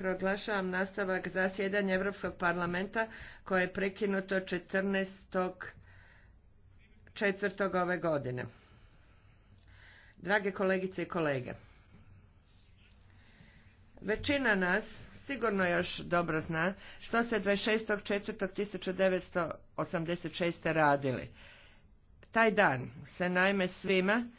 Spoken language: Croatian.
proglašavam nastavak zasjedanja Europskog parlamenta koje je prekinuto 14. ove godine. Drage kolegice i kolege, većina nas sigurno još dobro zna što se 26.4.1986. radili. Taj dan se naime svima